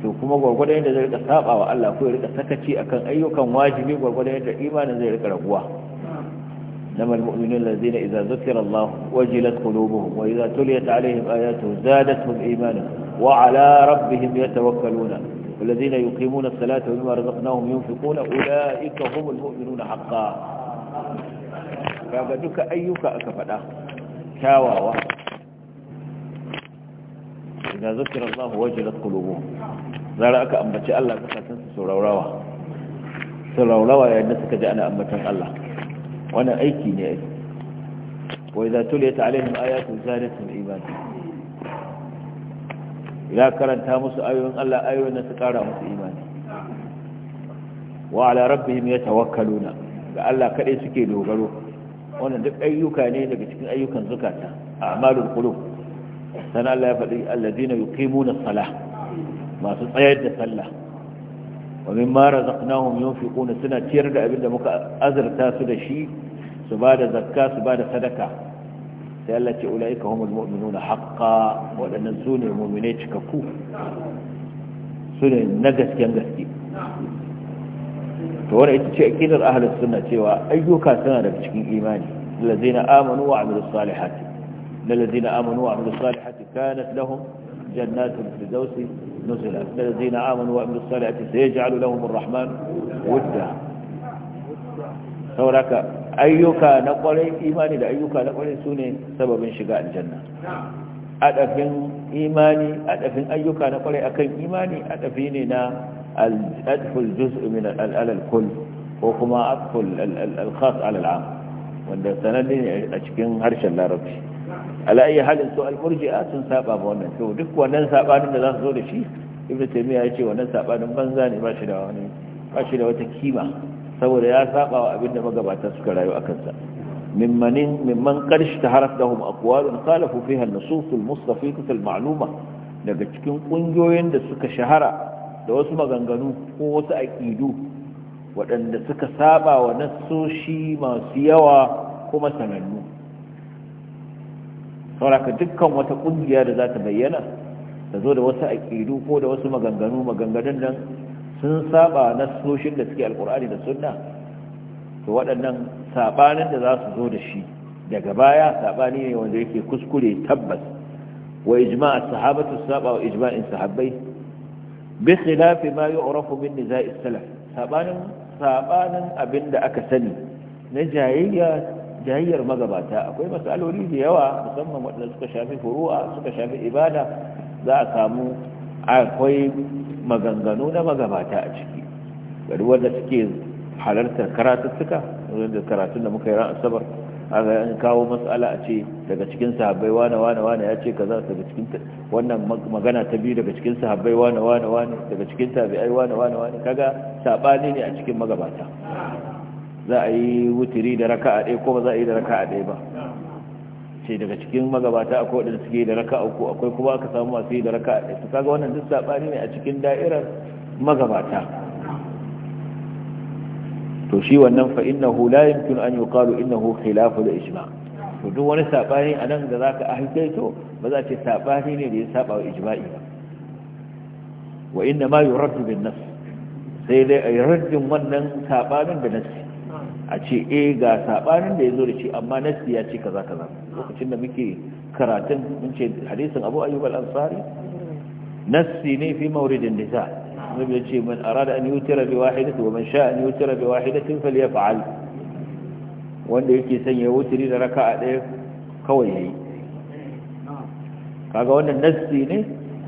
to kuma gwargwadon yadda zai rika saba wa Allah ko ya rika sakaci akan ayyukan wajibi gwargwadon yadda imanin zai rika raguwa namal mu'minun allazina idza zukira Allah wajilat qulubuhum wa idza tuliyat alaihim ayatuhu zadatuhum imanan wa ala rabbihim yatawakkaluna والذين يقيمون الصلاة ومما رزقناهم ينفقون أولئك هم المؤمنون حقا kaga duka ayyuka aka faɗa kyawawa idan zukira Allah wajilat qulubuhum zara aka ambaci Allah san su saurawa saurawa yayin da suka ji ana ambatan Allah wannan aiki ne aiki wa idza tuliyat alaihim ayatu zadatuhum iman ya karanta musu ayoyin Allah ayoyin da su kara musu imani wa ala rabbihim yatawakkaluna ga Allah kade suke dogaro wannan duk ayyuka ne daga cikin ayyukan zukata a'malul qulub sana Allah ya faɗi alladina yuqimuna salah masu tsayar da sallah wa mimma razaqnahum yunfiquna suna ciyar da abinda muka azurta su da shi su bada zakka su bada sadaka sai Allah ce ulaika humul mu'minuna haqqan wadannan su ne mu'mine cikakku su ne na gasken gaske to wannan ita ce aqidar ahlus sunna cewa ayyuka suna daga cikin imani allazina amanu wa amilus salihati للذين آمنوا وعملوا الصالحات كانت لهم جنات الفردوس نزلا للذين آمنوا وعملوا الصالحات سيجعل لهم الرحمن ودا سورك أيك نقل إيمان إذا أيك نقل سوني سبب شقاء الجنة أدفن إيماني أدفن أيك نقل أكن إيماني أدفننا أدخل جزء من الألل الكل وكما أدخل الخاص على العام وإذا سنديني أشكين هرشا لا ربشي ala'ayi halin su al-murji'a sun saba ba wannan to duk wannan sabanin da za su zo da shi ibnu taymiya ya ce wannan sabanin banza ne ba shi da wani ba shi da wata kima saboda ya saba wa abinda magabata suka rayu a kansa mimmanin mimman qarsh taharaf lahum aqwalun khalafu fiha an-nusus al-mustafiqah al-ma'luma daga cikin kungiyoyin da suka shahara da wasu maganganu ko wasu aqidu waɗanda suka saba wa nassoshi masu yawa kuma sanannu sauraka dukkan wata kungiya da za ta bayyana ta zo da wasu aƙidu ko da wasu maganganu maganganun nan sun saba nassoshin da suke alkur'ani da sunna to waɗannan sabanin da za su zo da shi daga baya sabani ne wanda yake kuskure tabbas wa ijma'a sahabatu saba wa ijma'in sahabbai bi khilafi ma yu'rafu min niza'i salaf sabanin sabanin abinda aka sani na jayayya jayayyar magabata akwai matsaloli da yawa musamman waɗanda suka shafi furu'a suka shafi ibada za a samu akwai maganganu na magabata a ciki gari wanda suke halartar karatuttuka wanda karatun da muka yi ran asabar aga an kawo matsala a ce daga cikin sahabbai wane wane wane ya ce za daga cikin wannan magana ta biyu daga cikin sahabbai wane wane wane daga cikin tabi'ai wane wane wane kaga sabani ne a cikin magabata za a yi wutiri da raka a ɗaya ko ba za a yi da raka a ɗaya ba ce daga cikin magabata akwai waɗanda suke da raka uku akwai kuma aka samu masu yi da raka a ɗaya su kaga wannan duk saɓani ne a cikin da'irar magabata to shi wannan fa hu la yumkinu an yuqalu innahu khilafu da ijma to duk wani saɓani a nan da zaka to ba za a ce saɓani ne da ya saba wa ijma'i ba wa inna ma yuraddu bin nas sai dai a yi raddin wannan saɓanin da nafsi a ce eh ga sabanin da ya zo da shi amma nasi ya ce kaza kaza lokacin da muke karatun mun ce hadisin abu ayyub al-ansari nasi ne fi mawridin nisa nabi ya ce man arada an yutira bi wahidati wa man sha'a an yutira bi wahidatin falyaf'al wanda yake sanya wutiri da raka'a ɗaya kawai yayi kaga wannan nasi ne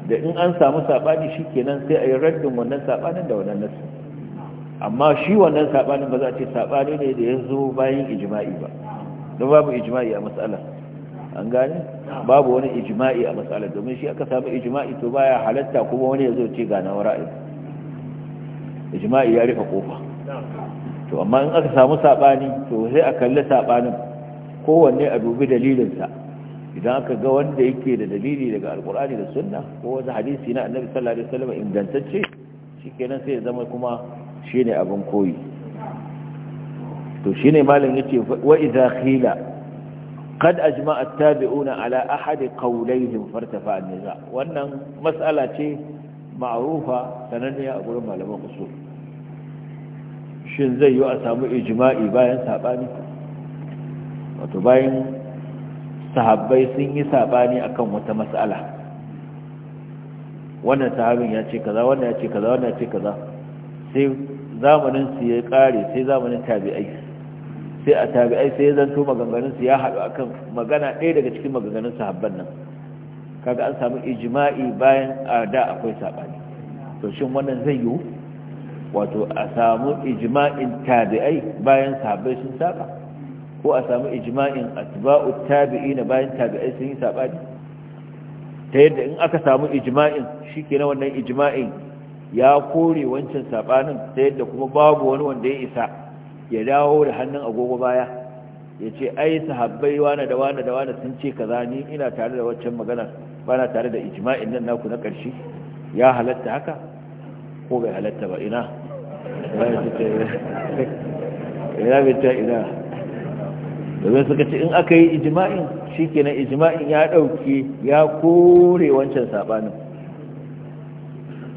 da in an samu sabani shikenan sai a yi raddin wannan sabanin da wannan nasi amma shi wannan sabanin ba za a ce sabani ne da ya zo bayan ijma'i ba don babu ijma'i a matsalar an gane babu wani ijma'i a matsalar domin shi aka samu ijma'i to baya halatta kuma wani ya zo ce ga nawa ra'ayi ijma'i ya rufe kofa to amma in aka samu sabani to sai a kalli sabanin kowanne a dubi dalilinsa idan aka ga wanda yake da dalili daga alkur'ani da sunna ko wani hadisi na annabi sallallahu alaihi wasallam ingantacce shikenan sai ya zama kuma Shi ne abin koyi to shi shine malam yace wa idza khila qad ajma'a at-tabi'una ala ahad qawlayhim fartafa an-niza wannan mas'ala ce maarufa sananniya a gurin malaman usul shin zai yi a samu ijma'i bayan saɓani? wato bayan sahabbai sun yi sabani akan wata mas'ala wannan sahabin ya ce kaza wannan ya ce kaza wannan ya ce kaza sai zamanin su ya kare sai zamanin tabi'ai sai a tabi'ai sai ya zanto maganganun su ya haɗu akan magana ɗaya daga cikin maganganun sahabban nan kaga an samu ijma'i bayan a da akwai sabani to shin wannan zai yiwu wato a samu ijma'in tabi'ai bayan sahabbai sun saba ko a samu ijma'in atba'u tabi'ina bayan tabi'ai sun yi sabani ta yadda in aka samu ijma'in na wannan ijma'in ya kore wancan sabanin ta yadda kuma babu wani wanda ya isa ya dawo da hannun agogo baya ya ce ai sahabbai wane da wane da wane sun ce kaza ni ina tare da waccan magana bana tare da ijma'in nan naku na ƙarshe ya halatta haka ko bai halatta ba ina eh, ina bai ta ina domin suka ce in aka yi ijma'in shi kenan ijma'in ya ɗauke ya kore wancan sabanin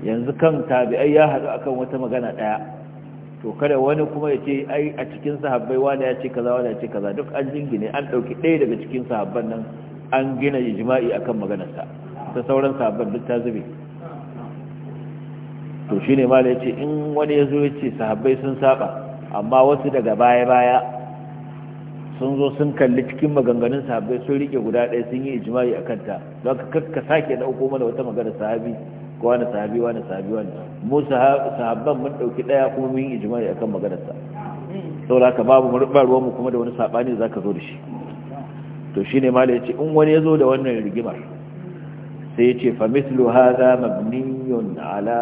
yanzu kan tabi'ai ya haɗu akan wata magana ɗaya to kada wani kuma ya ce ai a cikin sahabbai wani ya ce kaza wani ya ce kaza duk an jingine an ɗauki ɗaya daga cikin sahabban nan an gina ijma'i akan maganarsa ta sauran sahabban duk ta zube to shine ma ya ce in wani ya zo ya ce sahabbai sun saba amma wasu daga baya-baya sun zo sun kalli cikin maganganun sahabbai sun rike guda ɗaya sun yi ijimai a kanta don ka sake ɗauko mana wata maganar sahabi wani sahabi wani sahabi wani mu sahabban mun dauki daya kuma mun yi ijma'i akan maganar sa saboda ka babu ba ruwan mu kuma da wani sabani zaka zo da shi to shine malai yace in wani yazo da wannan rigimar sai yace fa mithlu hadha mabniyun ala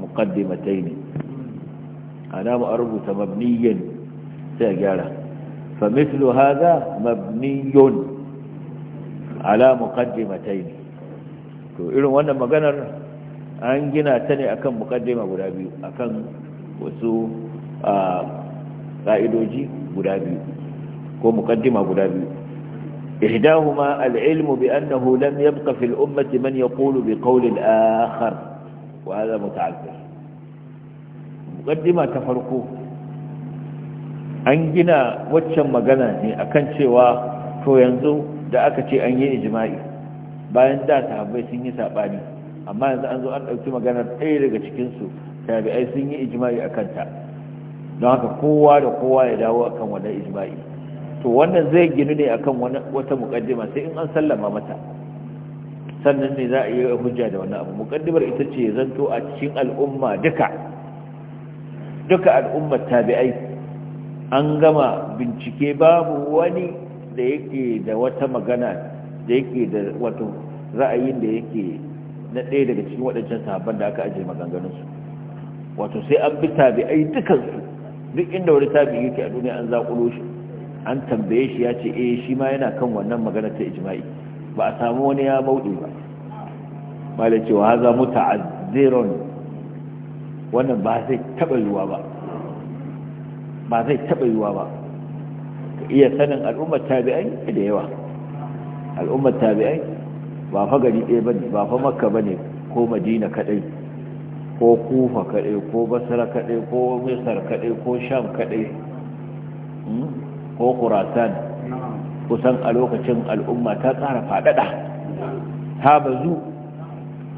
muqaddimatayn ana mu arbuta mabniyan sai gyara fa mithlu hadha mabniyun ala muqaddimatayn to irin wannan maganar an gina ta ne akan mukaddima guda biyu akan wasu ƙa'idoji guda biyu ko mukaddima guda biyu ihdahuma al-ilmu bi annahu lam yabqa fil ummati man yaqulu bi qawli al-akhar wa hadha muta'azzir mukaddima ta farko an gina waccan magana ne akan cewa to yanzu da aka ce an yi ijma'i bayan da sahabbai sun yi sabani amma yanzu an zo an ɗauki maganar ɗaya daga cikinsu tabi'ai sun yi ijma'i a kanta don haka kowa da kowa ya dawo akan wannan ijma'i to wannan zai ginu ne akan wata muƙaddima sai in an sallama mata sannan ne za a yi hujja da wannan abu muƙaddimar ita ce zanto a cikin al'umma duka duka al'ummar tabi'ai an gama bincike babu wani da yake da wata magana da yake da wato ra'ayin da yake na ɗaya daga cikin waɗancan sahabban da aka ajiye maganganunsu wato sai an bi tabi'ai dukansu duk inda wani tabi'i yake a duniya an zaƙulo shi an tambaye shi ya ce eh shi ma yana kan wannan magana ta ijma'i ba a samu wani ya bauɗe ba malai cewa haza muta'azzirun wannan ba zai taɓa yiwuwa ba ba zai taɓa yiwuwa ba ka iya sanin al'ummar tabi'ai da yawa al'ummar tabi'ai ba fa gari ɗaya ne ba fa makka bane ko madina kaɗai, ko kufa kaɗai, ko basra kaɗai, ko misar kaɗai, ko sham kaɗai, hmm, ko kurasan kusan a lokacin al'umma ta tsara faɗaɗa, ta bazu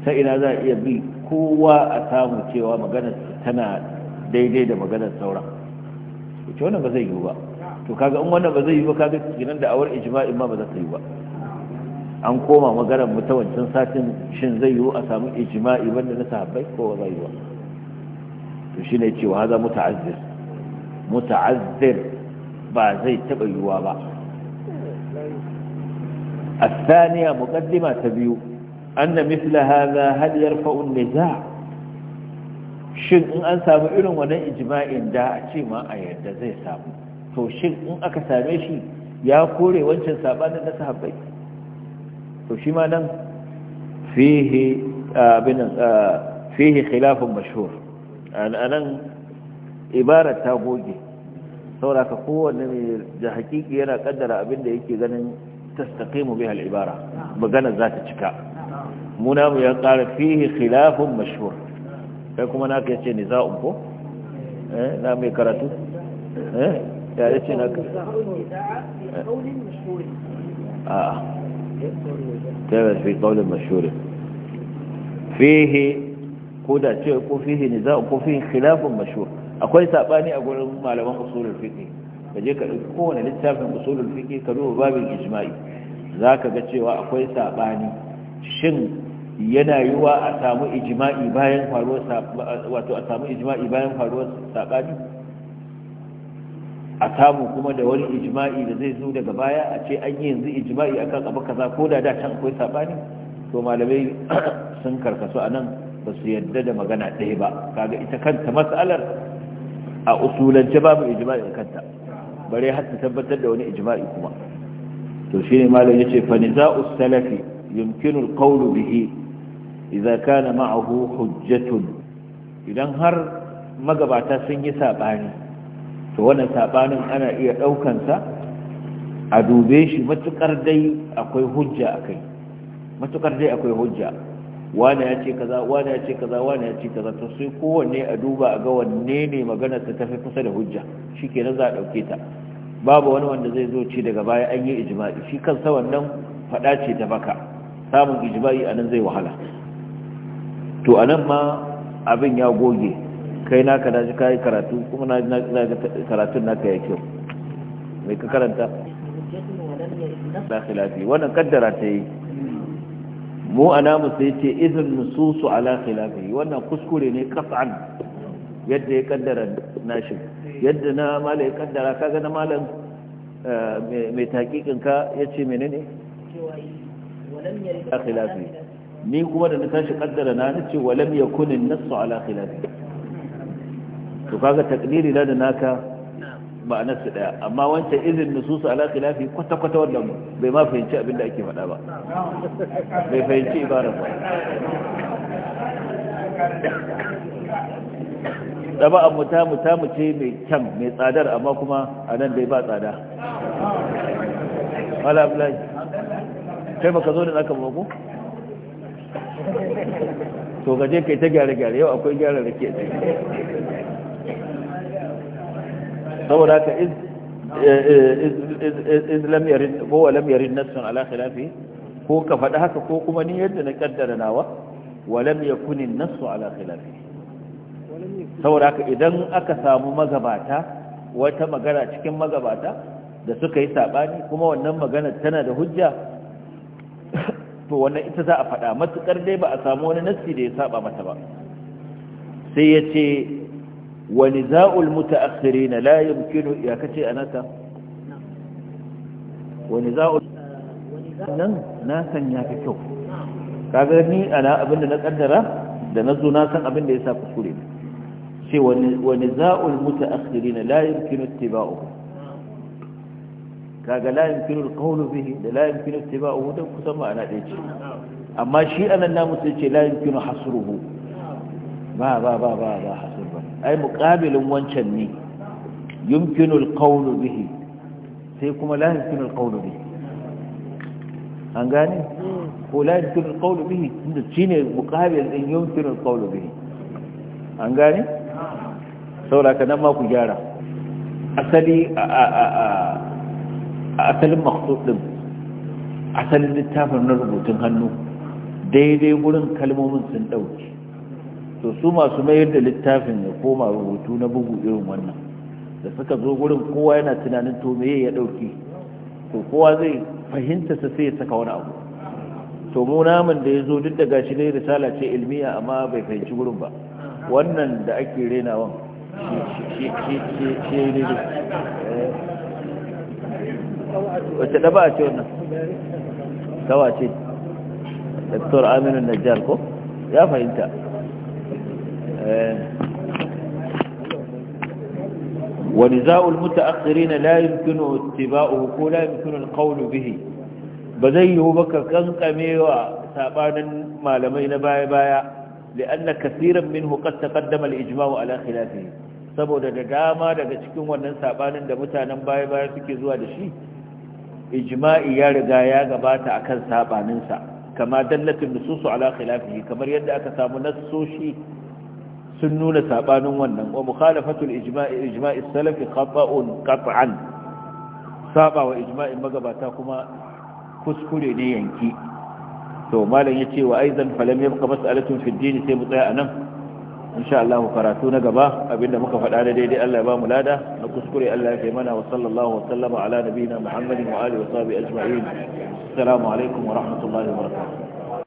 ta ina za a iya bi kowa a samu cewa maganar tana daidai da maganar sauran ita wannan ba zai yiwu ba to kaga in wannan ba zai yiwu ba kaga kinan da awar ijma'in ma ba za ta yi ba an koma maganar mutawancin ta wancan satin shin zai yiwu a samu ijma'i wanda na sahabbai ko zai yiwu to ne cewa haza muta'azzir muta'azzir ba zai taba yiwuwa ba Saniya ta biyu, تبيو أن مثل هذا هل ne النزاع shin in an samu irin wannan ijma'in da a ce ma a yadda zai samu to shin in aka same shi ya kore wancan sabanin na sahabbai to shi ma nan fihi abin fihi khilafin mashhur anan ibarar ta goge saboda ka kowanne mai da hakiki yana kaddara abin da yake ganin tastaqimu biha al-ibara magana za ta cika muna mu ya ƙara fihi khilafin mashhur kai kuma ka yace niza'un ko eh na mai karatu eh ya yace na? a'a تابع في قول مشهور فيه ko da ce ko fihi niza'un ko fihi khilafun mashhur akwai sabani a gurin malaman usulul fiqh kaje ka dauki kowane littafin usulul fiqh ka duba babin ijma'i zaka ga cewa akwai shin yana yiwa a samu ijma'i wato a samu ijma'i bayan faruwar sabani a samu kuma da wani ijma'i da zai zo daga baya a ce an yi yanzu ijma'i kan abu kaza ko da da can akwai sabani to malamai sun karkasu nan ba su yadda da magana ɗaya ba kaga ita kanta matsalar a usulance babu ijma'i a kanta bare har ta tabbatar da wani ijma'i kuma to shine malam yace fa u salafi yumkinu alqawlu bihi idza kana ma'ahu hujjatun idan har magabata sun yi sabani to wannan sabanin ana iya sa a dube shi matukar dai akwai hujja akai matukar dai akwai hujja wani ya ce kaza wani ya ce kaza wani ya ce kaza to sai kowanne a duba a ga wanne ne maganar ta tafi kusa da hujja shikenan za a dauke ta babu wani wanda zai zo ci daga baya an yi ijma'i shi kansa wannan fada ce ta baka samun ijma'i anan zai wahala to anan ma abin ya goge kai na ka ka yi karatu kuma na ji karatun naka ya kyau mai ka karanta na khilafi wannan kaddara ta yi mu ana mu sai ce izin nususu ala khilafi wannan kuskure ne kaf'an yadda ya kaddara nashi yadda na mala ya kaddara kaga na malam eh, mai taƙiƙin ka ya ce menene khilafi ni kuma da na tashi kaddara na ce walam ya an-nassu ala khilafi to kaga takdiri da naka ba na su daya amma wancan izin nususu ala khilafi kwata kwata wannan bai ma fahimci abin da ake faɗa ba bai fahimci ibara ba daba abu ta mu ta mu ce mai kyan mai tsadar amma kuma a nan dai ba tsada wala abulai kai baka zo da zaka mako to gaje kai ta gyare gyare yau akwai gyara da ke ciki saboda haka eh, eh, iz lam yarid ko lam yarid nassun ala khilafi ko ka faɗi haka ko kuma ni yadda na kaddara nawa wa lam yakun nassu ala khilafi saboda haka idan aka samu magabata wata magana cikin magabata da suka yi sabani kuma wannan magana tana da hujja to wannan ita za a faɗa matukar dai ba a samu wani nassi da ya saba mata ba sai ya ce wa niza'ul muta'akhirin la yumkinu ya kace anaka wa niza'ul nan na san ya fi kyau kaga ni ana abinda na kaddara da nazo na san abinda yasa kuskure ne ce wa niza'ul muta'akhirin la yumkinu ittiba'u kaga la yumkinu alqawlu bihi da la yumkinu ittiba'u da kusan ma'ana amma shi anan namu ya ce la yumkinu ba ba ba ba ai muqabilin wancan ne yumkinu alqawlu bihi sai kuma la yumkinu alqawlu bihi an gane ko la yumkinu alqawlu bihi inda cine muqabil din yumkinu alqawlu bihi an gane saboda kana ma ku gyara asali a a asalin makhsud din asalin littafin na rubutun hannu daidai gurin kalmomin sun dauke to su masu mayar da littafin ya koma rubutu na bugu irin wannan da suka zo gurin kowa yana tunanin to me ya dauki to kowa zai fahimta sa sai ya saka wani abu to mu namun da ya zo duk da gashi dai risala ce ilmiya amma bai fahimci gurin ba wannan da ake renawan shi eh. wace da ba a ce wannan kawace dr aminu najjar ko ya fahimta ونزاع المتأخرين لا يمكن اتباعه ولا يمكن القول به بزيه بك كنقمي وسابانا ما لمين باي باي لأن كثيرا منه قد تقدم الإجماع على خلافه saboda da dama daga cikin wannan sabanin da mutanen baya-baya suke zuwa da shi ijma'i ya riga ya gabata akan sabaninsa kama dallatin nususu ala khilafihi kamar yadda aka samu nasoshi. sun nuna sabanin wannan wa mukhalafatul ijma'i ijma'i salafi khata'un qat'an saba wa ijma'in magabata kuma kuskure ne yanki to malam yace wa aidan falam yabqa mas'alatun fi din sai mu tsaya anan insha Allah karatu na gaba abinda muka faɗa da daidai Allah ya ba mu lada na kuskure Allah ya kai mana wa sallallahu wa sallama ala nabiyina Muhammadin wa alihi wa sahbihi ajma'in assalamu alaikum wa rahmatullahi wa barakatuh